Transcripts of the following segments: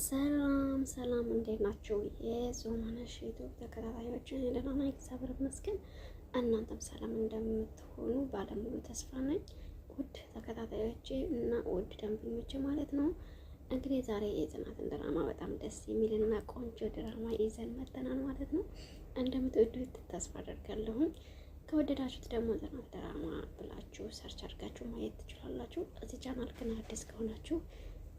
ሰላም ሰላም፣ እንዴት ናችሁ? የዞማነሽ ዩቲዩብ ተከታታዮች ደህና ነኝ፣ እግዚአብሔር ይመስገን። እናንተም ሰላም እንደምትሆኑ ባለሙሉ ተስፋ ነኝ። ውድ ተከታታዮች እና ውድ ደንበኞች ማለት ነው። እንግዲህ ዛሬ የጽናትን ድራማ በጣም ደስ የሚልና ቆንጆ ድራማ ይዘን መጥተናል ማለት ነው። እንደምትወዱት ተስፋ አደርጋለሁኝ። ከወደዳችሁት ደግሞ ጽናት ድራማ ብላችሁ ሰርች አድርጋችሁ ማየት ትችላላችሁ። እዚህ ቻናል ግን አዲስ ከሆናችሁ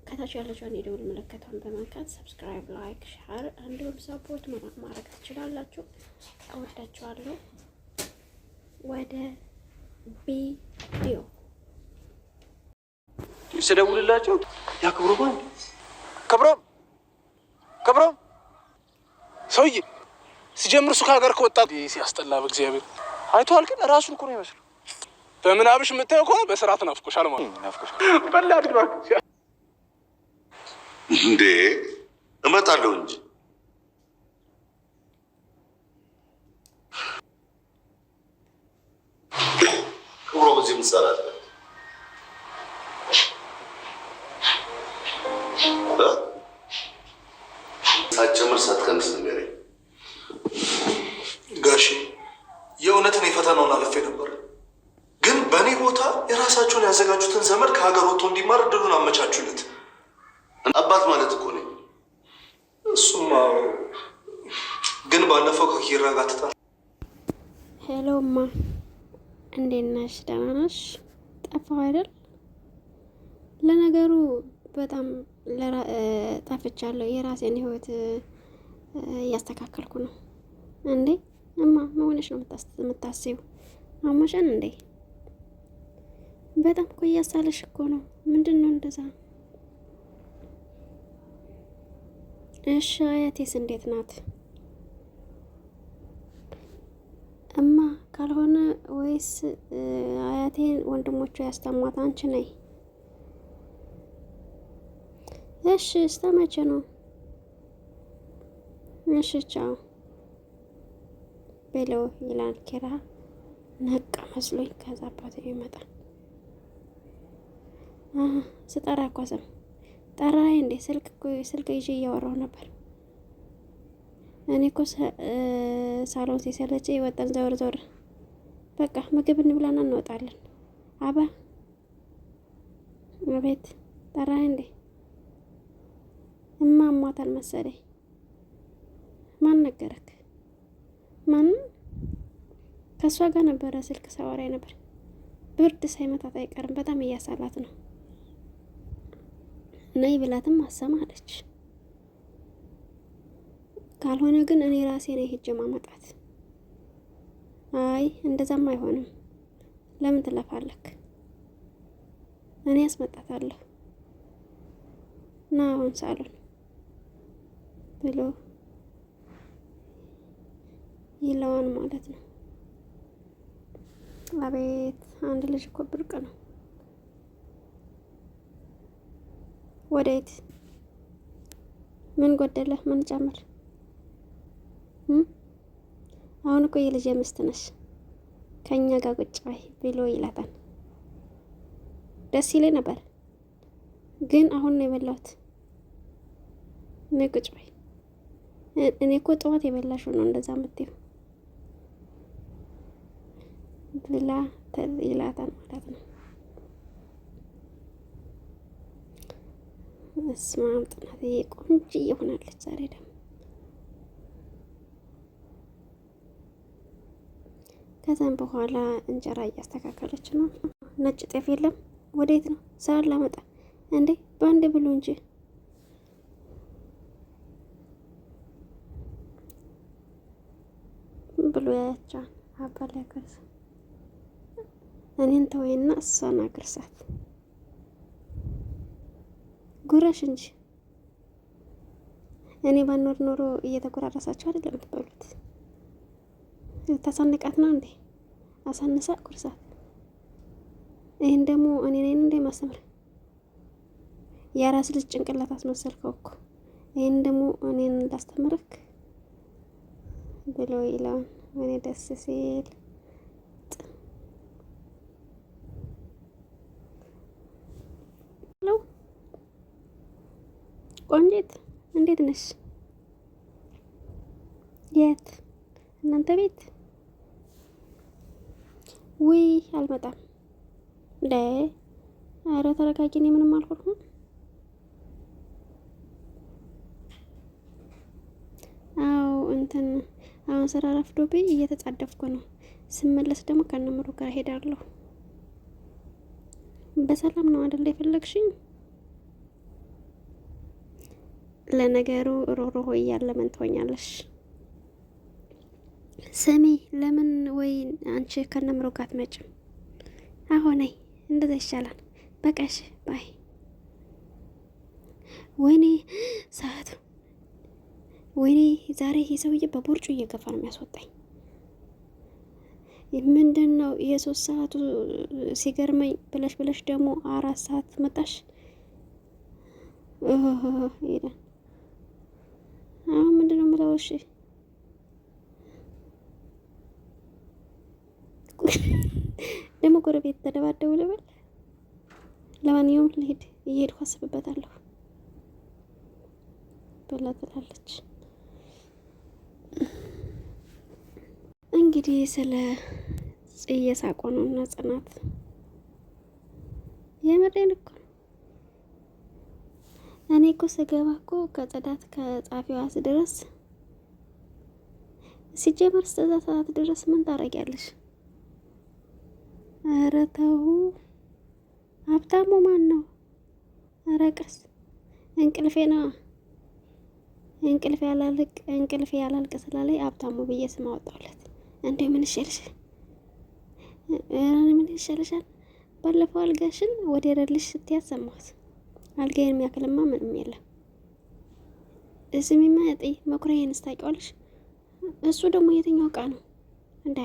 ከታች ያለችውን የደውል ምልክቷን በመንካት ሰብስክራይብ፣ ላይክ፣ ሸር እንዲሁም ሰፖርት ማድረግ ትችላላችሁ። እወዳችኋለሁ። ወደ ቪዲዮ ስደውልላቸው ያክብሩን። ክብሮም ክብሮም ሰውዬ ሲጀምር እሱ ከሀገር ከወጣ ሲያስጠላ በእግዚአብሔር አይተዋል። ግን ራሱን እኮ ነው ይመስለው። በምናብሽ የምታየው ከሆነ በስርዓት ናፍቆሻል ማለት ነው። ናፍቆሻል በላ እንዴ እመጣለሁ እንጂ ክብሮ በዚህ ምሰራለ በጣም ጠፍቻለሁ። የራሴን ህይወት እያስተካከልኩ ነው። እንዴ እማ መሆንሽ ነው የምታስቢው? አሞሻን እንዴ? በጣም እኮ እያሳለሽ እኮ ነው። ምንድን ነው እንደዛ? እሺ አያቴስ እንዴት ናት? እማ ካልሆነ ወይስ አያቴን ወንድሞቿ ያስታሟት አንቺ ነይ እሺ እስከ መቼ ነው? እሺ ቻው በለው ይላል ኪራ። ነቃ መስሎኝ ከዛ አባት ይመጣል። ስጠራ ኳስም ጠራይ እንዴ? ስልክ ስልክ ይዤ እያወራሁ ነበር። እኔ እኮ ሳሎን ሲሰለች ወጣን። ዘወር ዘወር በቃ ምግብ እንብላና እንወጣለን። አባ አቤት ጠራይ እንዴ? እማሟታል መሰለኝ። ማን ነገረክ? ማን ከእሷ ጋር ነበረ ስልክ ሳወራ ነበር። ብርድ ሳይመታት አይቀርም። በጣም እያሳላት ነው። ነይ ብላትም አሰማ አለች። ካልሆነ ግን እኔ ራሴ ነው ሄጄ ማመጣት። አይ እንደዛም አይሆንም። ለምን ትለፋለክ? እኔ አስመጣታለሁ። ና አሁን ሳሎን ብሎ ይለዋል ማለት ነው። አቤት አንድ ልጅ እኮ ብርቅ ነው። ወዴት ምን ጎደለ? ምን ጨምር? አሁን እኮ የልጅ ምስት ነሽ፣ ከእኛ ጋር ቁጭ በይ ብሎ ይላታል። ደስ ይለኝ ነበር ግን አሁን ነው የበላሁት። ነይ በይ እኔ እኮ ጠዋት የበላሽው ነው እንደዛ የምትይው ብላ ይላታል ማለት ነው። እስማም ጥናትዬ ቆንጅዬ ሆናለች ዛሬ ደግሞ። ከዛም በኋላ እንጀራ እያስተካከለች ነው። ነጭ ጤፍ የለም። ወዴት ነው ሳር ላመጣ እንዴ? በአንድ ብሎ እንጂ ብሎ ያያቸዋል። አባል ያገርሳ እኔን ተወይና እሷን አግርሳት ጉረሽ እንጂ እኔ ባኖር ኖሮ እየተጎራረሳችሁ አይደለም የምትበሉት። ታሳንቃት ነው እንዴ? አሳንሳ ጉርሳት። ይህን ደግሞ እኔ ነኝ እንዴ ማስተምር? የራስ ልጅ ጭንቅላት አስመሰልከው እኮ። ይህን ደግሞ እኔን እንዳስተምርክ ብሎ ይለዋል። ምን ደስ ሲል ቆንጂት እንዴት ነሽ? የት እናንተ ቤት? ውይ አልመጣም። ደ አረ ተረጋጊ፣ እኔ ምንም አልኩርኩም። አው እንትን አሁን ስራ ረፍዶብኝ እየተጻደፍኩ ነው። ስመለስ ደግሞ ከነምሩ ጋር ሄዳለሁ። በሰላም ነው አይደል የፈለግሽኝ? ለነገሩ ሮሮሆ እያለ ምን ትሆኛለሽ? ስሚ ለምን ወይ አንቺ ከነምሩ ጋር አትመጭም? አሁን አይ እንደዛ ይሻላል። በቃሽ ባይ ወይኔ ሰዓቱ ወይኔ ዛሬ ይህ ሰውዬ በቦርጩ እየገፋ ነው የሚያስወጣኝ። ምንድን ነው የሶስት ሰዓቱ ሲገርመኝ ብለሽ ብለሽ ደግሞ አራት ሰዓት መጣሽ። አሁን ምንድን ነው የምለው? እሺ ደግሞ ጎረቤት ተደባደቡ ልበል። ለማንኛውም ልሄድ፣ እየሄድኩ አስብበታለሁ ብላ ትላለች። እንግዲህ ስለ ጽዬ ነው እና ጽናት የምሬን እኮ እኔ እኮ ስገባ እኮ ከጽዳት ከጻፊዋ ስደርስ ሲጀመር እስከዛ ሰዓት ድረስ ምን ታረጊያለሽ? ኧረ ተው ሀብታሙ ማን ነው? ኧረ ቀስ እንቅልፌ ነው እንቅልፍ ያላልቅ እንቅልፍ ያላልቅ ስላለኝ ሀብታሙ ብዬ ስም አወጣሁለት። እንዴ ምን ይሻልሽ? ምን ይሻልሻል? ባለፈው አልጋሽን ወደ ረልሽ ስትያት ሰማሁት። አልጋዬን የሚያክልማ ምንም የለም። ስሚማ ያጤ መኩሪያዬን ስታውቂዋለሽ? እሱ ደግሞ የትኛው እቃ ነው እንዴ?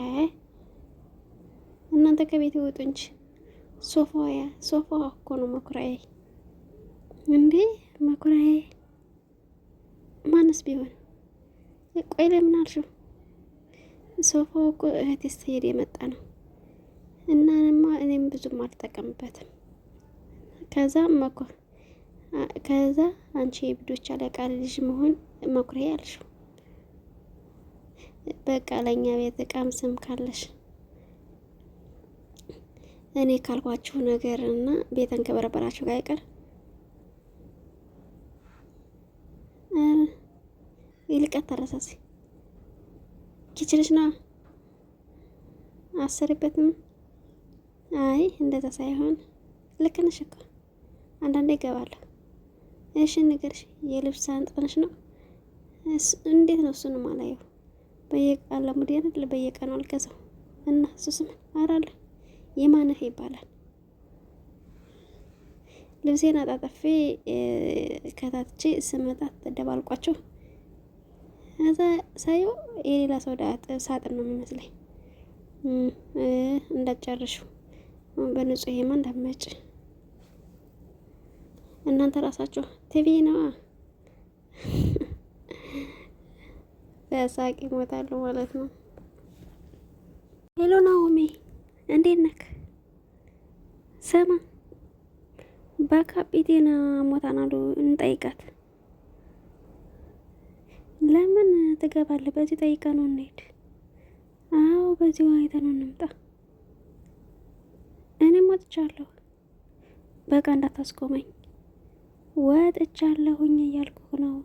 እናንተ ከቤት ይወጡ እንጂ ሶፋያ ሶፋ እኮ ነው መኩሪያዬ። እንዴ መኩሪያዬ ማንስ ቢሆን ቆይ ለምን አልሽው? ሶፋ እኮ እህቴ ስትሄድ የመጣ ነው እናንማ እኔም ብዙም አልጠቀምበትም። ከዛ መኮ ከዛ አንቺ የብዶች አለቃ ልጅ መሆን መኩሪያ ያልሽው በቃ ለእኛ ቤት እቃም ስም ካለሽ እኔ ካልኳችሁ ነገር እና ቤተን ከበረበራችሁ ጋር ይቀር ይልቀት ተረሳሴ ኪችልሽ ነው አሰርበትም። አይ እንደዛ ሳይሆን ልክ ነሽ እኮ አንዳንዴ ይገባለሁ። እሺ ንገርሽ፣ የልብስ አንጥፈንሽ ነው? እንዴት ነው እሱን ማላየው? በየቃን ለሙዲያን በየቀኑ አልገዛው እና እሱ ስም አራለ የማነህ ይባላል። ልብሴን አጣጠፌ ከታትቼ ስመጣት ተደባልቋቸው ከዛ ሳየው የሌላ ሰው ሳጥን ነው የሚመስለኝ። እንዳትጨርሹ በንጹህ ይሄማ እንዳትመጭ እናንተ ራሳችሁ ቲቪ ነዋ። በሳቅ ይሞታሉ ማለት ነው። ሄሎ ናኦሚ እንዴት ነክ? ስማ በካፒቴን ሞታናሉ እንጠይቃት ለምን ትገባለህ? በዚህ ጠይቀ ነው እንሄድ። አዎ በዚህ ዋይተ ነው እንምጣ። እኔም ወጥቻለሁ። በቃ እንዳታስቆመኝ ወጥቻለሁኝ እያልኩ ነው።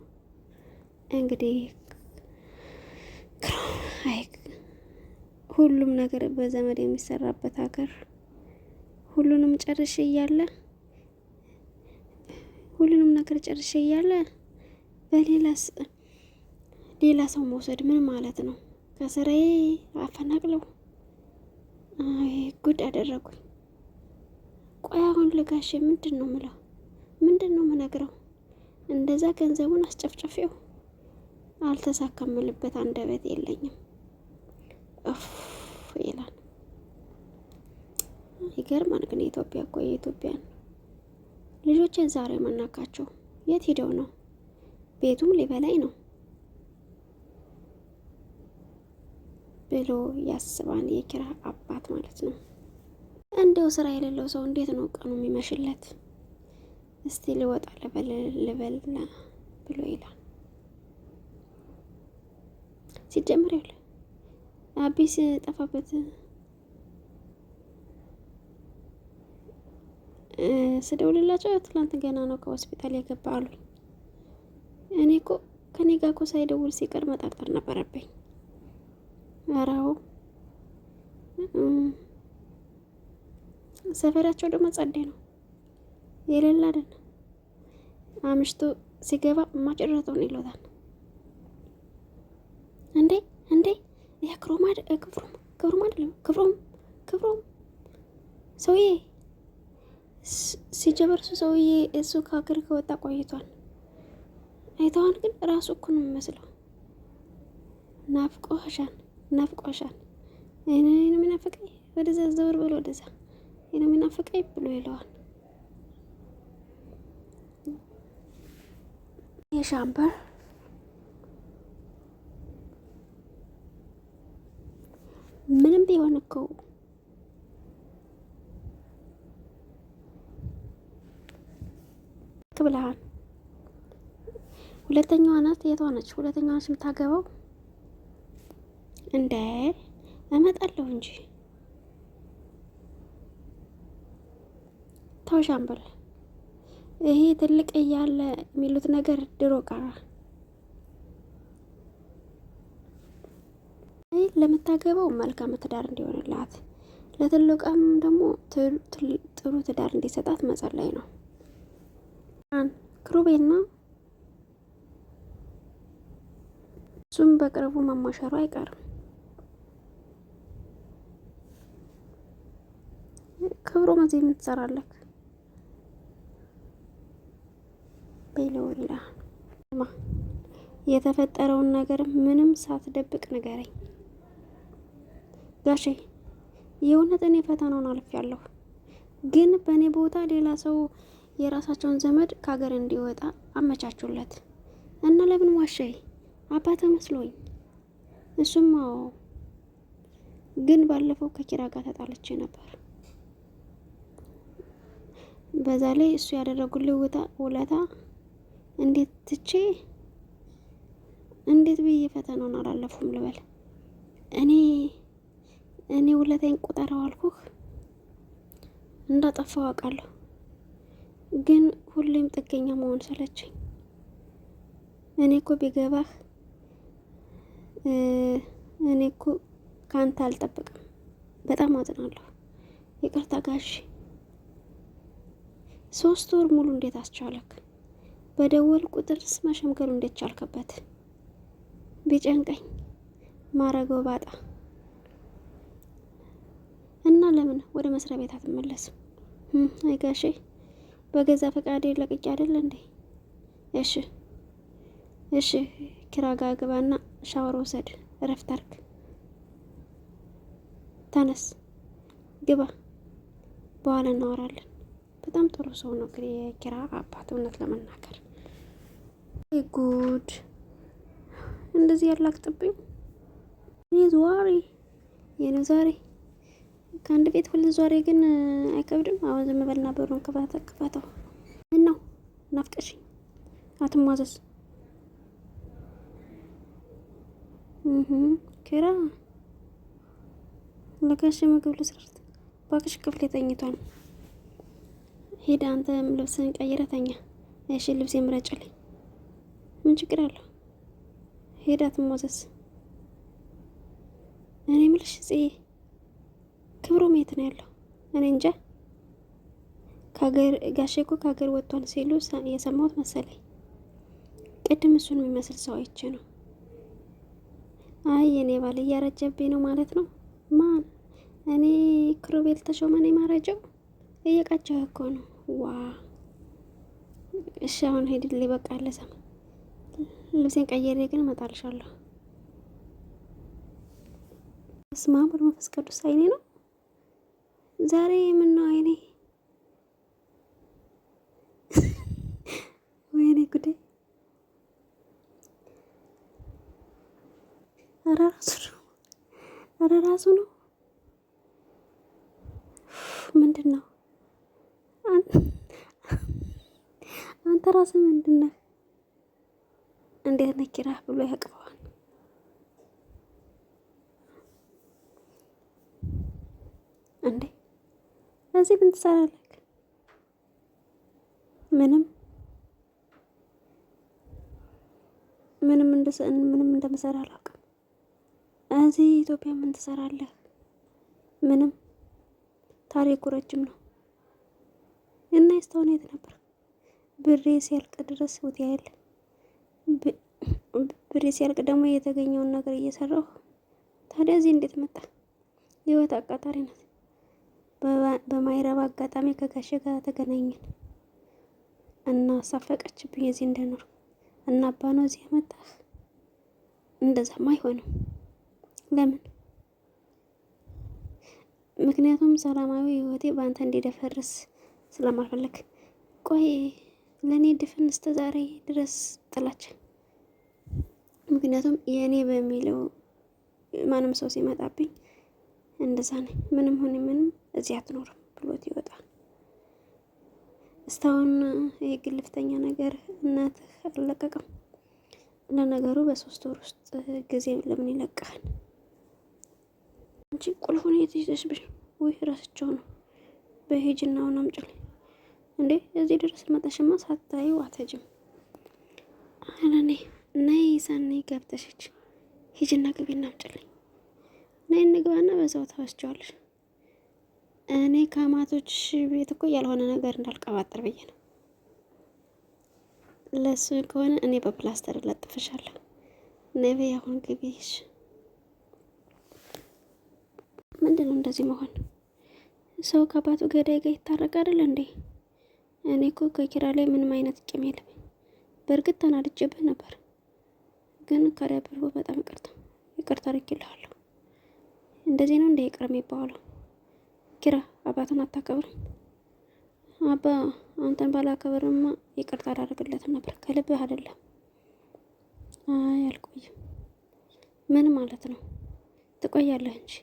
እንግዲህ ሁሉም ነገር በዘመድ የሚሰራበት ሀገር ሁሉንም ጨርሽ እያለ ሁሉንም ነገር ጨርሽ እያለ በሌላስ ሌላ ሰው መውሰድ ምን ማለት ነው? ከስራዬ አፈናቅለው አይ ጉድ አደረጉኝ። ቆይ አሁን ለጋሽ ምንድን ነው ምለው? ምንድን ነው ምነግረው? እንደዛ ገንዘቡን አስጨፍጨፌው አልተሳካምልበት አንደበት የለኝም። እፍ ይላል። ይገርማል ግን የኢትዮጵያ እኮ የኢትዮጵያ ልጆችን ዛሬ መናካቸው የት ሄደው ነው? ቤቱም ሊበላኝ ነው ብሎ ያስባል የኪራ አባት ማለት ነው። እንደው ስራ የሌለው ሰው እንዴት ነው ቀኑ የሚመሽለት? እስቲ ልወጣ ልበል ልበልና ብሎ ይላል። ሲጀመር ይውል አቢስ ጠፋበት ስደውልላቸው ትላንት ገና ነው ከሆስፒታል የገባ አሉኝ። እኔ እኮ ከኔ ጋር እኮ ሳይደውል ሲቀር መጠርጠር ነበረብኝ። መራው ሰፈራቸው ደግሞ ጸዴ ነው የሌላ አይደለም። አምሽቶ ሲገባ ማጭረቱን ይሎታል። እንዴ እንዴ ያ ክብሮም ክብሮም ክብሮም አይደለም ክብሮም ክብሮም ሰውዬ ሲጀበርሱ ሰውዬ እሱ ከሀገር ከወጣ ቆይቷል። አይተዋን ግን ራሱ እኮ ነው የሚመስለው ሀሻን ናፍቆሻል። ይህን ይህን የሚናፍቀኝ ወደዛ ዘወር ብሎ ወደዛ ይህን የሚናፍቀኝ ብሎ ይለዋል። የሻምበር ምንም ቢሆን እኮ ክብልሃል። ሁለተኛዋ ናት። የቷ ነች? ሁለተኛዋ ነች የምታገባው እንደ እመጣለሁ እንጂ ታውሻን ሻምበል፣ ይሄ ትልቅ እያለ የሚሉት ነገር ድሮ ቀረ። ለምታገባው መልካም ትዳር እንዲሆንላት ለትልቋም ደግሞ ጥሩ ትዳር እንዲሰጣት መጸለይ ነው። ክሩቤና እሱም በቅርቡ መሞሸሩ አይቀርም። ክብሮ መዚ ምን ትሰራለህ? በለውላ የተፈጠረውን ነገር ምንም ሳትደብቅ ንገረኝ ጋሼ። የእውነት እኔ ፈተናውን ያለሁ ግን በእኔ ቦታ ሌላ ሰው የራሳቸውን ዘመድ ከሀገር እንዲወጣ አመቻቹለት እና ለምን ዋሻይ አባተ መስሎኝ እሱም አዎ ግን ባለፈው ከኪራ ጋር ተጣልቼ ነበር። በዛ ላይ እሱ ያደረጉልህ ውለታ እንዴት ትቼ እንዴት ብዬ ፈተናውን አላለፉም ልበል? እኔ እኔ ውለታኝ ቆጠረው አልኩህ። እንዳጠፋው አውቃለሁ፣ ግን ሁሌም ጥገኛ መሆን ሰለችኝ። እኔ እኮ ቢገባህ እኔ እኮ ከአንተ አልጠብቅም። በጣም አዝናለሁ። ይቅርታ ጋሽ ሶስት ወር ሙሉ እንዴት አስቻለክ? በደወል ቁጥርስ መሸምገሉ እንዴት ቻልክበት? ቢጨንቀኝ ማረገው ባጣ እና ለምን ወደ መስሪያ ቤት አትመለስም? አይጋሼ በገዛ ፈቃዴ ለቅቄ አይደል እንዴ? እሺ እሺ፣ ኪራጋ ግባና ሻወር ውሰድ፣ እረፍት አርግ። ተነስ ግባ፣ በኋላ እናወራለን። በጣም ጥሩ ሰው ነው ግን የኪራ አባት እውነት ለመናገር ጉድ እንደዚህ ያላግጥብኝ እኔ ዘዋሪ የኔ ዛሬ ከአንድ ቤት ሁለት ዘዋሪ ግን አይከብድም። አሁን ዝም በልና በሩን ክፈተ ክፈተው እናው ናፍቀሽ አትሟዘዝ ኪራ ለጋሽ ምግብ ልስርት ባክሽ ክፍሌ ተኝቷል። ሂድ አንተም ልብስን ቀይረተኛ ተኛ። እሺ ልብስ የምረጭልኝ ምን ችግር አለው? ሄዳት ሞዘስ? እኔ ምልሽ ጽ ክብሩ የት ነው ያለው? እኔ እንጃ። ጋሼ እኮ ከሀገር ወጥቷል ሲሉ የሰማሁት መሰለኝ። ቅድም እሱን የሚመስል ሰው አይቼ ነው። አይ የኔ ባል እያረጀብኝ ነው ማለት ነው። ማን? እኔ ክሩቤል ተሾመን የማረጀው ማረጀው እየቃቸው እኮ ነው ዋ እሺ፣ አሁን ሄድልኝ በቃ አለሰም ልብሴን ቀየሬ ግን እመጣልሻለሁ። በስመ አብ ወወልድ ወመንፈስ ቅዱስ። አይኔ ነው ዛሬ የምነው አይኔ ወይኔ ጉዴ! ኧረ ራሱ ነው፣ ኧረ ራሱ ነው። ምንድን ነው አንተ ራስህ ምንድን ነህ? እንዴት ነህ ኪራህ ብሎ ያቅፈዋል። እንዴ እዚህ ምን ትሰራለህ? ምንም ምንም ምንም እንደምሰራ አላውቅም። እዚህ ኢትዮጵያ ምን ትሰራለህ? ምንም ታሪኩ ረጅም ነው እና እስካሁን የት ነበርክ? ብሬ ሲያልቅ ድረስ ሆቴል ብሬ ሲያልቅ ደግሞ የተገኘውን ነገር እየሰራሁ ታዲያ እዚህ እንዴት መጣ? ህይወት አቃጣሪ ናት። በማይረባ አጋጣሚ ከጋሼ ጋር ተገናኘን እና ሳፈቀችብኝ እዚህ እንደኖር እና አባ ነው እዚህ መጣ እንደዛም አይሆንም። ለምን? ምክንያቱም ሰላማዊ ህይወቴ በአንተ እንዲደፈርስ ስለማልፈለግ። ቆይ ለእኔ ድፍን እስከ ዛሬ ድረስ ጥላች። ምክንያቱም የእኔ በሚለው ማንም ሰው ሲመጣብኝ እንደዛ ነኝ፣ ምንም ሆነ ምንም እዚህ አትኖርም ብሎት ይወጣል። እስታሁን የግልፍተኛ ነገር እናትህ አልለቀቅም። ለነገሩ በሶስት ወር ውስጥ ጊዜ ለምን ይለቀሃል? አንቺ ቁልፉን የት ብሽ? ውይ ረስቸው ነው። በሂጅና አሁን እንዴ እዚህ ድረስ መጠሽማ ሳታዩ አተጅም አለኔ ነይ ሳኔ ገብተሽች ሂጅና ግቢ እናምጭልኝ ነይ እንግባና በዛው ታወስቸዋለሽ። እኔ ከአማቶች ቤት እኮ ያልሆነ ነገር እንዳልቀባጠር ብዬ ነው። ለሱ ከሆነ እኔ በፕላስተር ለጥፈሻለሁ። ነቤ በይ አሁን ግቢሽ። ምንድን ነው እንደዚህ መሆን? ሰው ከአባቱ ገዳይ ጋር ይታረቅ አይደል እንዴ? እኔ እኮ ከኪራ ላይ ምንም አይነት ቂም የለም። በእርግጥ ተናድጄብህ ነበር፣ ግን ብርቦ በጣም ይቅርታ ይቅርታ አድርጌልሃለሁ። እንደዚህ ነው እንደ ይቅር የሚባለው። ኪራ አባትን አታከብርም። አባ አንተን ባላከብርማ ይቅርታ አዳርግለት ነበር። ከልብህ አይደለም። አይ አልቆይም። ምን ማለት ነው? ትቆያለህ እንጂ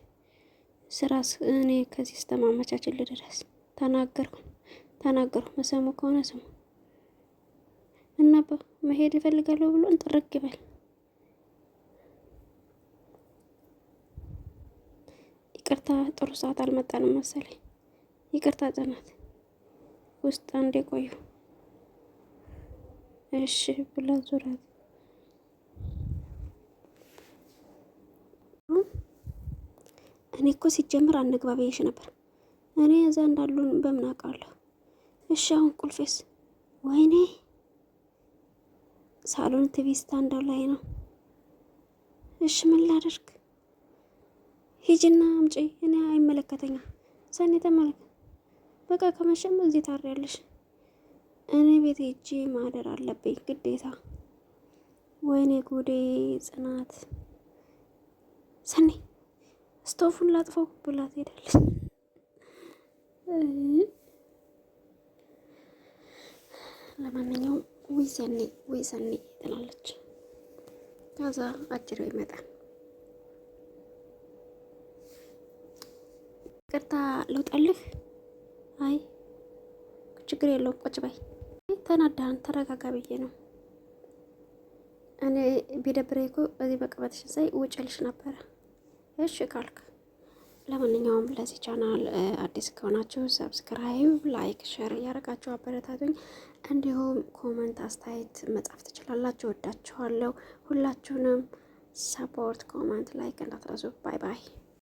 ስራ እኔ ከዚህ ስተማመቻችን ድረስ ተናገርኩ። ተናገሩ። መሰሙ ከሆነ ስሙ እና መሄድ እፈልጋለሁ ብሎ እንጥርግ ይበል። ይቅርታ ጥሩ ሰዓት አልመጣንም መሰለኝ። ይቅርታ ጽናት ውስጥ አንዴ ቆዩ። እሺ ብላ ዙራት እኔ እኮ ሲጀምር አንግባብ ብዬሽ ነበር። እኔ እዛ እንዳሉን በምን አውቃለሁ? እሺ አሁን ቁልፌስ? ወይኔ ሳሎን ቲቪ ስታንዳው ላይ ነው። እሺ ምን ላደርግ? ሂጂና አምጪ። እኔ አይመለከተኝም። ሰኔ ተመለከ በቃ ከመሸም እዚህ ታድሪያለሽ። እኔ ቤት ሂጂ ማደር አለብኝ ግዴታ። ወይኔ ጉዴ ጽናት። ሰኔ ስቶፉን ላጥፎ ብላት ትሄዳለች። ለማንኛውም ወይ ሰኔ ወይ ሰኔ ትላለች። ከዛ አጅሬው ይመጣል። ቅርታ ልውጣልህ። አይ ችግር የለውም ቁጭ በይ። ተናዳን ተረጋጋ ብዬ ነው። እኔ ቢደብረኝ እኮ እዚህ በቅበትሽን ሳይ ውጭልሽ ነበረ። እሺ ካልክ ለማንኛውም ለዚህ ቻናል አዲስ ከሆናችሁ ሰብስክራይብ፣ ላይክ፣ ሸር እያደረጋችሁ አበረታቱኝ። እንዲሁም ኮመንት፣ አስተያየት መጻፍ ትችላላችሁ። ወዳችኋለሁ። ሁላችሁንም ሰፖርት፣ ኮመንት፣ ላይክ እንዳትረሱ። ባይ ባይ።